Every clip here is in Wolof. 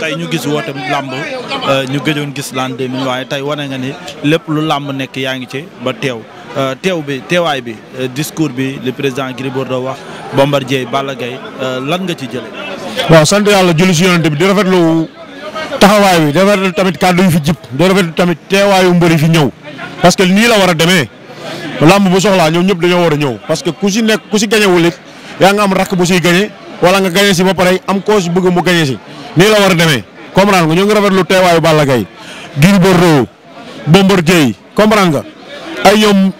tey ñu gis woote làmb euh, ñu gëjoon gis l'an 2000 waaye tey wane nga ni lépp lu làmb nekk yaa ngi ci ba teew euh, teew bi teewaay bi euh, discours bi le président Gris Bordeaux wax Bombardier Balla Gaye lan nga ci jële waaw sant yàlla julli si yonent bi di rafetlu taxawaay bi di rafetlu tamit kàddu yu fi jib di rafetlu tamit teewaayu mbër mbëri fi ñëw parce que nii la war a demee làmb bu soxlaa ñoom ñëpp dañoo war a ñëw parce que ku si nekk ku si gañewul it yaa nga am rakk bu siy gañe wala nga gañe si ba pare am koo si mu gañe si nii la war a demee comprendre nga ñoo ngi rafetlu teewaayu Balla Gaye Gris Bordeaux Bombardier comprendre nga ay ñoom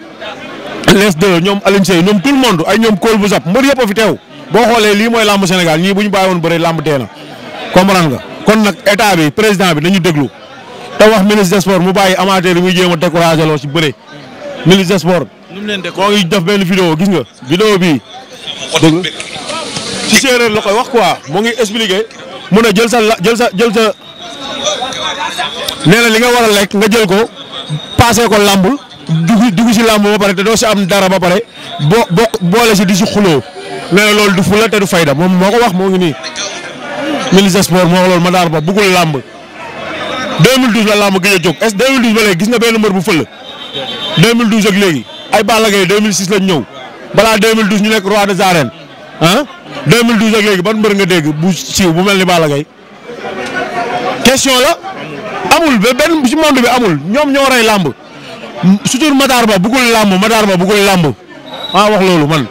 les deux ñoom Alioune Seye ñoom tout le monde ay ñoom kool bu sap mbër yëpp a fi teew boo xoolee lii mooy làmb Sénégal ñii bu ñu bàyyi woon làmb dee na comprendre nga kon nag état bi président bi nañu déglu te wax ministre des sports mu bàyyi amateur yi muy jéem a découragé loo si bëre ministre des sports. nu mu koo ngi def benn vidéo gis nga vidéo bi dégg séeréer la koy mu a jël sa la jël sa jël sa nee na li nga war a lekk nga jël ko paasee ko làmb dugg dugg si làmb ba pare te doo si am dara ba pare boo boo boole si di si xuloo nee na loolu du fula te du fayda moom moo ko wax moo ngi nii. ministre sport moo wax ma Matar Ba bëggul làmb 2012 la làmb gëj a jóg est 2012 ba léegi gis nga benn mbër bu fël 2012 ak léegi ay Balla Gaye 2006 lañ ñëw balaa 2012 ñu nekk roi des arènes ah. 2012 ak léegi ban mbër nga dégg bu siiw bu mel ni Balla Gaye question la amul ba benn ci monde bi amul ñoom ñoo rey làmb surtout Matar Ba bëggul làmb Matar Ba bëggul làmb maa ah, wax loolu man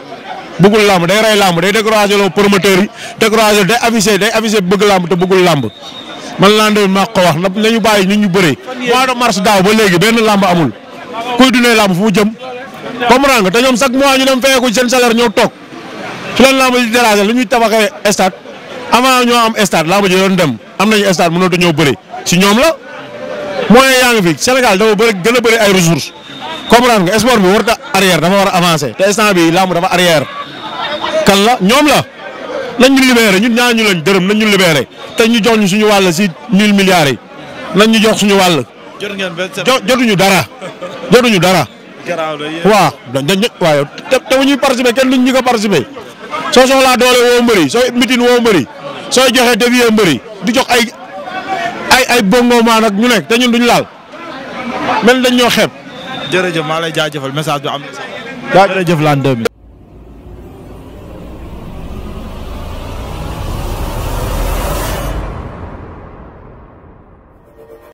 bëggul làmb day rey làmb day découragé loo promoteur yi découragé day affiché day affiché bëgg làmb te bëggul làmb man laa ndoon maa ko wax nañu bàyyi nit ñu bëree mois de mars daaw ba léegi benn làmb amul kuy dundee làmb fu jëm comprendre nga te ñoom chaque mois ñu dem feyeeku seen salaire ñëw toog fi la làmb ji déranger lu ñuy tabaxee stade avant ñoo am stade làmb ji doon dem am nañu stade mënoo dañoo bëri si ñoom la moyen yaa ngi fi Sénégal dafa bëri gën a bëri ay ressources comprendre nga sport bi warut a arrière dafa war a avancer te instant bi làmb dafa arrière kan la ñoom la nañ ñu libéré ñun ñaan ñu lañ dërëm nañ ñu libéré te ñu jox ñu suñu wàll si mille milliards yi ñu jox suñu wàll. jot ngeen jotuñu dara jotuñu dara. garaaw la yéen waaw dañ dañ waaye te te bu ñuy participer kenn duñ ñu ko participer. soo soxlaa doole woo mbëri sooy mitin woo mbëri sooy joxe devier mbëri di jox ay ay ay bongo maa nag ñu nekk te ñun duñ laal mel dañ ñoo xeeb. jërëjëf maa lay jaajëfal message bi am na. jaajëf Lan 2000.